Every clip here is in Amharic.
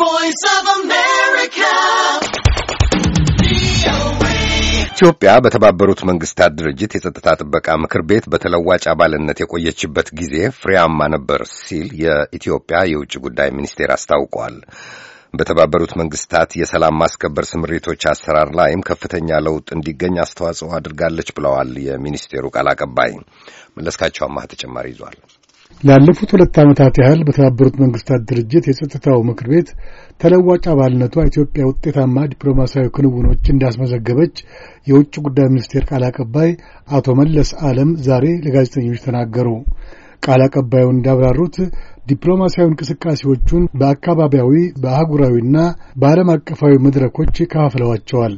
voice of America. ኢትዮጵያ በተባበሩት መንግስታት ድርጅት የጸጥታ ጥበቃ ምክር ቤት በተለዋጭ አባልነት የቆየችበት ጊዜ ፍሬያማ ነበር ሲል የኢትዮጵያ የውጭ ጉዳይ ሚኒስቴር አስታውቋል። በተባበሩት መንግስታት የሰላም ማስከበር ስምሪቶች አሰራር ላይም ከፍተኛ ለውጥ እንዲገኝ አስተዋጽኦ አድርጋለች ብለዋል የሚኒስቴሩ ቃል አቀባይ መለስካቸው አማህ ተጨማሪ ይዟል። ላለፉት ሁለት ዓመታት ያህል በተባበሩት መንግስታት ድርጅት የጸጥታው ምክር ቤት ተለዋጭ አባልነቷ ኢትዮጵያ ውጤታማ ዲፕሎማሲያዊ ክንውኖች እንዳስመዘገበች የውጭ ጉዳይ ሚኒስቴር ቃል አቀባይ አቶ መለስ ዓለም ዛሬ ለጋዜጠኞች ተናገሩ። ቃል አቀባዩ እንዳብራሩት ዲፕሎማሲያዊ እንቅስቃሴዎቹን በአካባቢያዊ በአህጉራዊና በዓለም አቀፋዊ መድረኮች ከፋፍለዋቸዋል።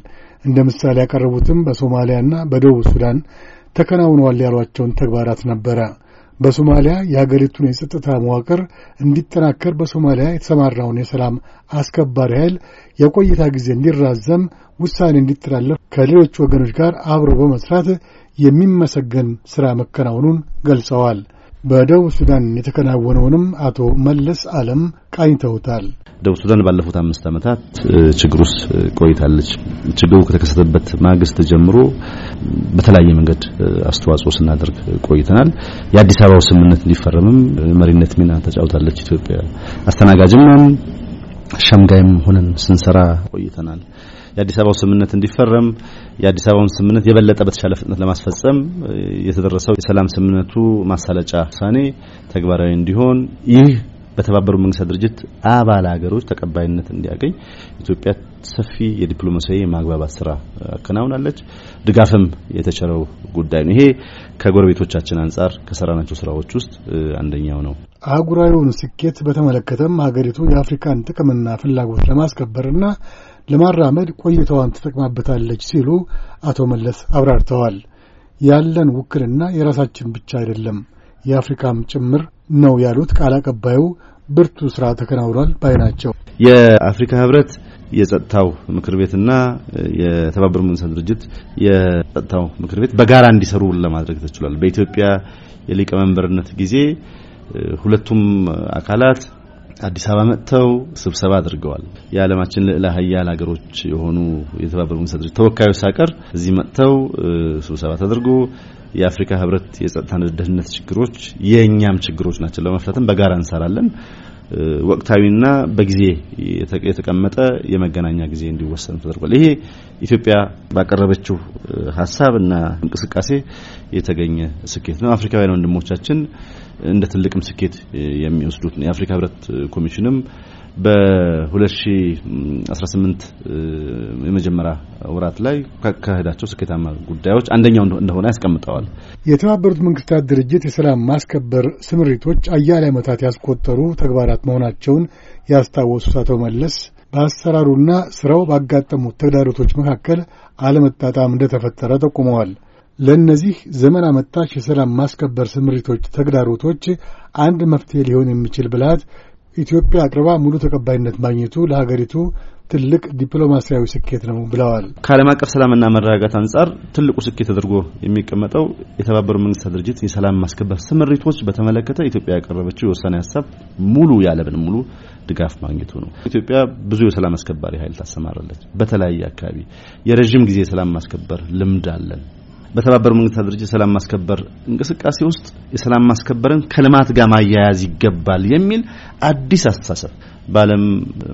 እንደ ምሳሌ ያቀረቡትም በሶማሊያና በደቡብ ሱዳን ተከናውነዋል ያሏቸውን ተግባራት ነበረ። በሶማሊያ የአገሪቱን የጸጥታ መዋቅር እንዲጠናከር በሶማሊያ የተሰማራውን የሰላም አስከባሪ ኃይል የቆይታ ጊዜ እንዲራዘም ውሳኔ እንዲተላለፍ ከሌሎች ወገኖች ጋር አብሮ በመስራት የሚመሰገን ሥራ መከናወኑን ገልጸዋል። በደቡብ ሱዳን የተከናወነውንም አቶ መለስ ዓለም ቃኝተውታል። ደቡብ ሱዳን ባለፉት አምስት ዓመታት ችግር ውስጥ ቆይታለች። ችግሩ ከተከሰተበት ማግስት ጀምሮ በተለያየ መንገድ አስተዋጽኦ ስናደርግ ቆይተናል። የአዲስ አበባው ስምምነት እንዲፈረምም መሪነት ሚና ተጫውታለች ኢትዮጵያ። አስተናጋጅም ሸምጋይም ሆነን ስንሰራ ቆይተናል። የአዲስ አበባው ስምምነት እንዲፈረም የአዲስ አበባውን ስምምነት የበለጠ በተሻለ ፍጥነት ለማስፈጸም የተደረሰው የሰላም ስምምነቱ ማሳለጫ ውሳኔ ተግባራዊ እንዲሆን ይህ በተባበሩ መንግስታት ድርጅት አባል ሀገሮች ተቀባይነት እንዲያገኝ ኢትዮጵያ ሰፊ የዲፕሎማሲያዊ የማግባባት ስራ አከናውናለች። ድጋፍም የተቸረው ጉዳይ ነው። ይሄ ከጎረቤቶቻችን አንጻር ከሰራናቸው ስራዎች ውስጥ አንደኛው ነው። አህጉራዊውን ስኬት በተመለከተም ሀገሪቱ የአፍሪካን ጥቅምና ፍላጎት ለማስከበርና ለማራመድ ቆይታዋን ትጠቅማበታለች ሲሉ አቶ መለስ አብራርተዋል። ያለን ውክልና የራሳችን ብቻ አይደለም የአፍሪካም ጭምር ነው ያሉት ቃል አቀባዩ ብርቱ ስራ ተከናውኗል ባይ ናቸው። የአፍሪካ ህብረት የጸጥታው ምክር ቤትና የተባበሩት መንግስታት ድርጅት የጸጥታው ምክር ቤት በጋራ እንዲሰሩ ለማድረግ ተችሏል። በኢትዮጵያ የሊቀመንበርነት ጊዜ ሁለቱም አካላት አዲስ አበባ መጥተው ስብሰባ አድርገዋል። የዓለማችን ልዕለ ሀያል ሀገሮች የሆኑ የተባበሩ መንግስታት ድርጅት ተወካዮች ሳቀር እዚህ መጥተው ስብሰባ ተደርጎ የአፍሪካ ህብረት የጸጥታና ደህንነት ችግሮች የእኛም ችግሮች ናቸው፣ ለመፍታትም በጋራ እንሰራለን። ወቅታዊና በጊዜ የተቀመጠ የመገናኛ ጊዜ እንዲወሰን ተደርጓል። ይሄ ኢትዮጵያ ባቀረበችው ሀሳብና እንቅስቃሴ የተገኘ ስኬት ነው። አፍሪካውያን ወንድሞቻችን እንደ ትልቅም ስኬት የሚወስዱት ነው። የአፍሪካ ህብረት ኮሚሽንም በ2018 የመጀመሪያ ወራት ላይ ካሄዳቸው ስኬታማ ጉዳዮች አንደኛው እንደሆነ ያስቀምጠዋል። የተባበሩት መንግስታት ድርጅት የሰላም ማስከበር ስምሪቶች አያሌ ዓመታት ያስቆጠሩ ተግባራት መሆናቸውን ያስታወሱት አቶ መለስ በአሰራሩና ስራው ባጋጠሙት ተግዳሮቶች መካከል አለመጣጣም እንደተፈጠረ ጠቁመዋል። ለእነዚህ ዘመን አመጣሽ የሰላም ማስከበር ስምሪቶች ተግዳሮቶች አንድ መፍትሄ ሊሆን የሚችል ብልሃት ኢትዮጵያ አቅርባ ሙሉ ተቀባይነት ማግኘቱ ለሀገሪቱ ትልቅ ዲፕሎማሲያዊ ስኬት ነው ብለዋል። ከዓለም አቀፍ ሰላምና መረጋጋት አንጻር ትልቁ ስኬት ተደርጎ የሚቀመጠው የተባበሩ መንግስታት ድርጅት የሰላም ማስከበር ስምሪቶች በተመለከተ ኢትዮጵያ ያቀረበችው የውሳኔ ሀሳብ ሙሉ ያለብን ሙሉ ድጋፍ ማግኘቱ ነው። ኢትዮጵያ ብዙ የሰላም አስከባሪ ኃይል ታሰማራለች። በተለያየ አካባቢ የረዥም ጊዜ የሰላም ማስከበር ልምድ አለን። በተባበሩ መንግስታት ድርጅት ሰላም ማስከበር እንቅስቃሴ ውስጥ የሰላም ማስከበርን ከልማት ጋር ማያያዝ ይገባል የሚል አዲስ አስተሳሰብ በዓለም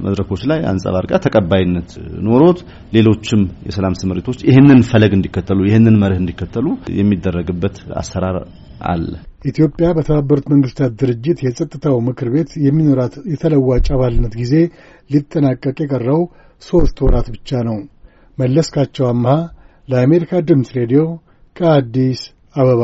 መድረኮች ላይ አንጸባርቃ ተቀባይነት ኖሮት ሌሎችም የሰላም ስምሪቶች ይህንን ፈለግ እንዲከተሉ ይህንን መርህ እንዲከተሉ የሚደረግበት አሰራር አለ። ኢትዮጵያ በተባበሩት መንግስታት ድርጅት የጸጥታው ምክር ቤት የሚኖራት የተለዋጭ አባልነት ጊዜ ሊጠናቀቅ የቀረው ሶስት ወራት ብቻ ነው። መለስካቸው አምሃ ለአሜሪካ ድምፅ ሬዲዮ ከአዲስ አበባ